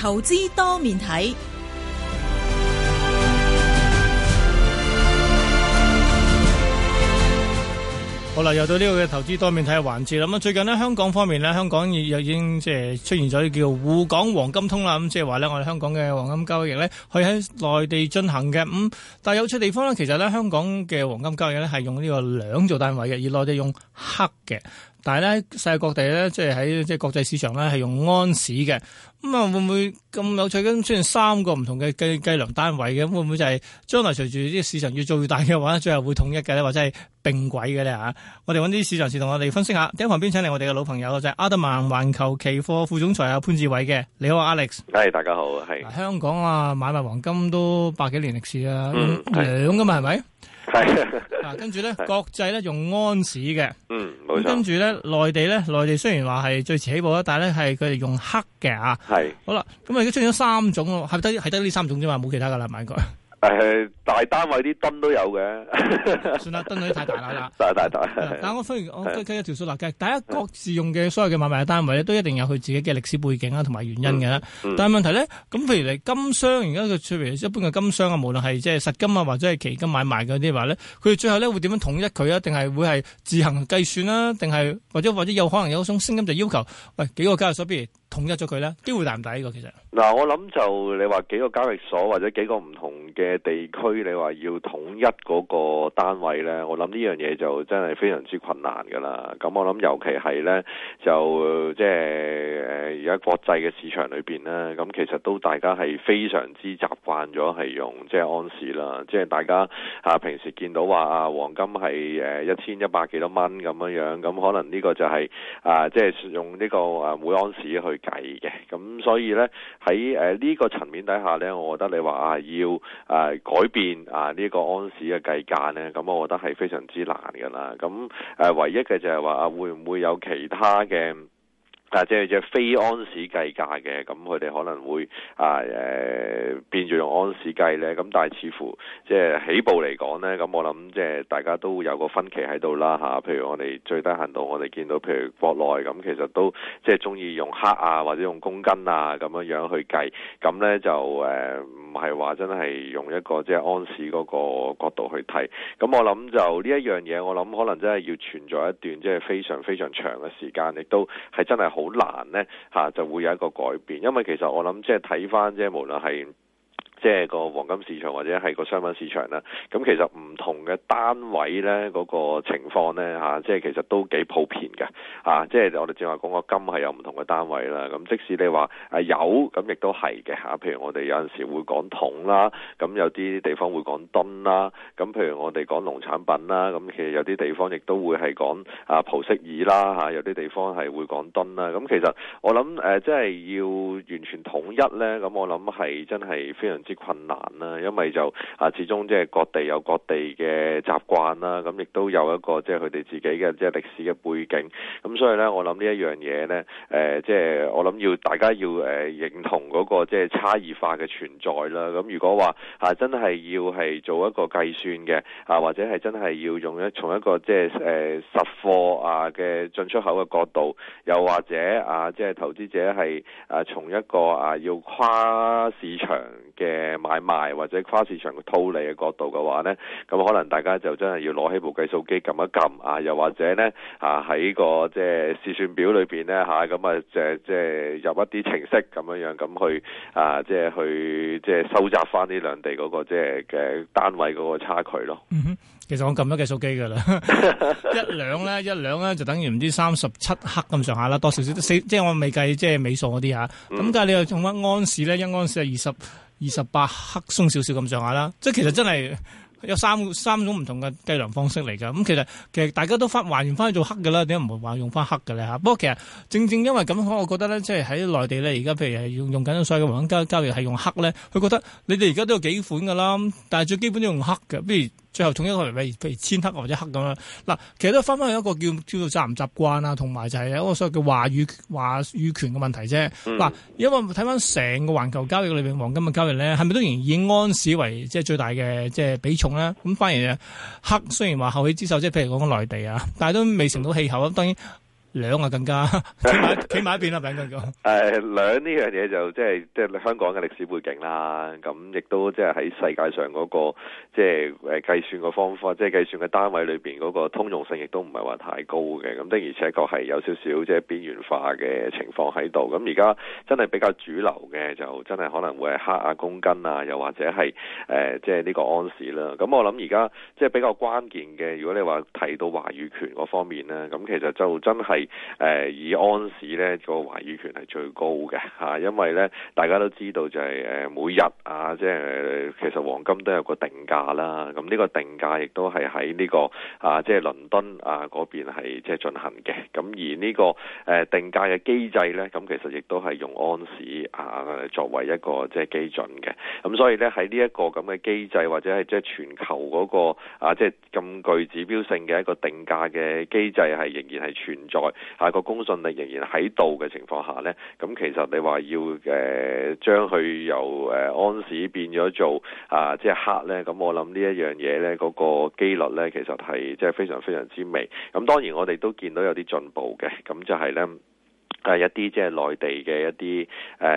投資多面睇好啦，又到呢個嘅投資多面睇嘅環節啦。咁啊，最近呢，香港方面呢，香港又已經即係出現咗叫滬港黃金通啦。咁即係話呢，我哋香港嘅黃金交易呢，佢喺內地進行嘅。咁、嗯、但係有趣地方呢，其實呢，香港嘅黃金交易呢係用呢個兩做單位嘅，而內地用克嘅。但係咧，世界各地咧，即係喺即係國際市場咧，係用安士嘅，咁、嗯、啊會唔會咁有趣？咁出現三個唔同嘅計計量單位嘅，會唔會就係將來隨住啲市場越做越大嘅話，最後會統一嘅咧，或者係併軌嘅咧吓？我哋揾啲市場人士同我哋分析一下。喺旁邊請嚟我哋嘅老朋友，就係、是、阿德曼環球期貨副,副總裁阿潘志偉嘅。你好，Alex。係大家好，係、啊。香港啊，買賣黃金都百幾年歷史啊咁樣嘛，係咪、嗯？係 跟住咧，國際咧用安士嘅。嗯，跟住咧，內地咧，內地雖然話係最遲起步啦，但係咧係佢哋用克嘅是好啦，咁啊而家出現咗三種咯，係得係得呢三種啫嘛，冇其他噶啦，唔係應該。誒， 大單位啲噸都有嘅。算啦，噸位太大啦。大大大。但我反而我計一條數啦，即係大家各自用嘅所有嘅買賣嘅單位咧，都一定有佢自己嘅歷史背景啦，同埋原因嘅。嗯嗯、但係問題咧，咁譬如嚟金商，而家佢出嚟一般嘅金商啊，無論係即係實金啊，或者係期金買賣嗰啲話咧，佢哋最後咧會點樣統一佢啊？定係會係自行計算啦？定係或者或者有可能有一種聲音就要求，喂，幾個交易所譬如？統一咗佢啦，機會大唔大呢個其實？嗱，我諗就你話幾個交易所或者幾個唔同嘅地區，你話要統一嗰個單位咧，我諗呢樣嘢就真係非常之困難噶啦。咁我諗尤其係咧，就即係而家國際嘅市場裏邊呢，咁其實都大家係非常之習慣咗係用即係安士啦，即係大家啊平時見到話啊黃金係誒一千一百幾多蚊咁樣樣，咁可能呢個就係啊即係用呢個啊每安士去。計嘅，咁所以呢，喺誒呢個層面底下呢，我覺得你話啊要誒、呃、改變啊呢、這個安士嘅計價呢，咁我覺得係非常之難噶啦。咁誒、呃、唯一嘅就係話啊，會唔會有其他嘅？啊！但即係即係非安士計價嘅，咁佢哋可能會啊誒、呃、變咗用安士計咧。咁但係似乎即係起步嚟講咧，咁我諗即係大家都有個分歧喺度啦吓，譬如我哋最低限度，我哋見到譬如國內咁，咁其實都即係中意用克啊，或者用公斤啊咁樣樣去計。咁咧就誒。呃唔係話真係用一個即係安士嗰個角度去睇，咁我諗就呢一樣嘢，我諗可能真係要存在一段即係非常非常長嘅時間，亦都係真係好難呢吓，就會有一個改變。因為其實我諗即係睇翻即係無論係。即係個黃金市場或者係個商品市場啦，咁其實唔同嘅單位呢，嗰、那個情況呢，啊、即係其實都幾普遍嘅、啊、即係我哋正話講個金係有唔同嘅單位啦。咁即使你話、啊、有咁亦都係嘅、啊、譬如我哋有陣時會講桶啦，咁有啲地方會講噸啦。咁譬如我哋講農產品啦，咁其實有啲地方亦都會係講葡爾啊蒲式耳啦，有啲地方係會講噸啦。咁其實我諗、呃、即係要完全統一呢。咁我諗係真係非常。啲困難啦，因為就啊始終即係各地有各地嘅習慣啦，咁亦都有一個即係佢哋自己嘅即係歷史嘅背景，咁所以呢，我諗呢一樣嘢呢，誒即係我諗要大家要誒認同嗰個即係差異化嘅存在啦。咁如果話啊真係要係做一個計算嘅啊，或者係真係要用一從一個即係誒實貨啊嘅進出口嘅角度，又或者啊即係投資者係啊從一個啊要跨市場嘅，誒買賣或者跨市場嘅套利嘅角度嘅話咧，咁可能大家就真係要攞起部計數機撳一撳啊，又或者咧啊喺個即係試算表裏邊咧嚇咁啊，即係即係入一啲程式咁樣樣咁去啊，即係去即係收集翻呢兩地嗰個即係嘅單位嗰個差距咯、嗯。其實我撳咗計數機㗎啦， 一兩咧一兩咧就等於唔知三十七克咁上下啦，多少少四即係我未計即係尾數嗰啲嚇。咁、嗯、但係你又用乜安士咧？一安士係二十二十八克鬆少少咁上下啦，即係其實真係有三三種唔同嘅計量方式嚟㗎。咁其實其實大家都翻還原翻去做克㗎啦，點解唔話用翻克㗎咧嚇？不過其實正正因為咁，我覺得咧，即係喺內地咧，而家譬如係用用緊所有嘅黃金交交易係用克咧，佢覺得你哋而家都有幾款㗎啦，但係最基本都用克嘅，不如。最後同一個例，例如譬如千克或者克咁啦。嗱，其實都翻翻去一個叫叫做習唔習慣啊，同埋就係一個所謂叫話語權話語權嘅問題啫。嗱、嗯，因為睇翻成個環球交易裏面黃金嘅交易咧，係咪都仍然以安士為即係最大嘅即係比重咧？咁反而啊，克雖然話後起之秀，即係譬如講緊內地啊，但係都未成到氣候啊。當然。兩啊更加，企埋，一邊啦，餅哥哥。誒、uh，兩呢樣嘢就即係即係香港嘅歷史背景啦，咁亦都即係喺世界上嗰、那個即係誒計算嘅方法，即、就、係、是、計算嘅單位裏邊嗰個通用性亦都唔係話太高嘅，咁的而且確係有少少即係邊緣化嘅情況喺度。咁而家真係比較主流嘅就真係可能會係克啊公斤啊，又或者係誒即係呢個安士啦。咁我諗而家即係比較關鍵嘅，如果你話提到話語權嗰方面咧，咁其實就真係。誒、呃，以安士咧、這個話語權係最高嘅吓、啊，因為咧大家都知道就係誒每日啊，即係其實黃金都有個定價啦。咁、嗯、呢、這個定價亦都係喺呢個啊，即係倫敦啊嗰邊係即係進行嘅。咁、啊、而呢、這個誒、呃、定價嘅機制咧，咁、嗯、其實亦都係用安士啊作為一個即係基準嘅。咁、啊、所以咧喺呢一個咁嘅機制，或者係即係全球嗰、那個啊，即係咁具指標性嘅一個定價嘅機制，係仍然係存在喺個、啊、公信力仍然喺度嘅情況下呢，咁其實你話要誒、啊、將佢由誒安士變咗做啊即係克呢？咁我諗呢一樣嘢呢，嗰個機率呢，其實係即係非常非常之微。咁當然我哋都見到有啲進步嘅，咁就係呢。係一啲即係內地嘅一啲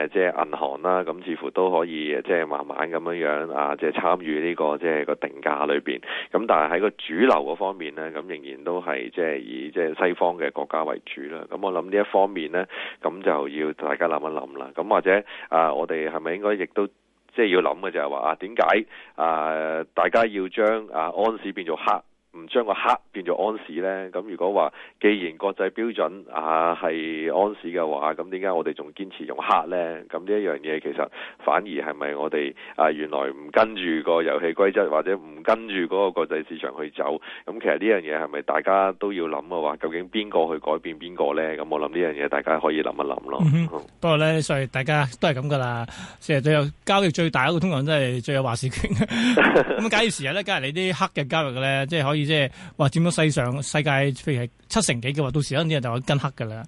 即係銀行啦，咁似乎都可以即係慢慢咁樣樣啊，即係參與呢個即係個定價裏面。咁但係喺個主流嗰方面咧，咁仍然都係即係以即係西方嘅國家為主啦。咁我諗呢一方面咧，咁就要大家諗一諗啦。咁或者啊，我哋係咪應該亦都即係、就是、要諗嘅就係話啊，點解啊大家要將啊安士變做克？唔將個克變做安士咧，咁如果話既然國際標準啊係安士嘅話，咁點解我哋仲堅持用克咧？咁呢一樣嘢其實反而係咪我哋啊原來唔跟住個遊戲規則，或者唔跟住嗰個國際市場去走？咁其實呢樣嘢係咪大家都要諗嘅話，究竟邊個去改變邊個咧？咁我諗呢樣嘢，大家可以諗一諗咯、嗯哼。嗯、不過咧，所以大家都係咁噶啦，即係最有交易最大一個通常都係最有話事權。咁 假如時日咧，假如你啲克嘅交易嘅咧，即、就、係、是、可以。即係話佔到世上世界譬如係七成幾嘅話，到時有呢人就一跟克噶啦，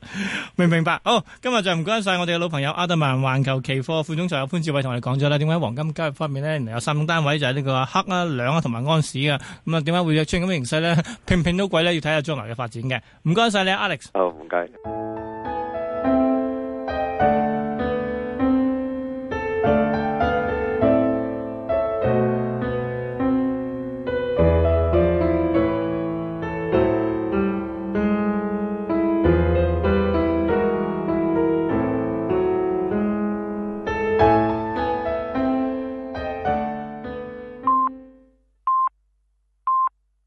明唔明白？好，今日就唔該晒我哋嘅老朋友阿德曼環球期貨副總裁有潘志偉同我哋講咗啦，點解黃金交易方面咧，原來有三種單位就係呢個克啊、兩啊同埋安士嘅、啊，咁啊點解會出現咁嘅形勢咧？併唔併到軌咧？要睇下將來嘅發展嘅。唔該晒你，Alex。好，哦，唔該。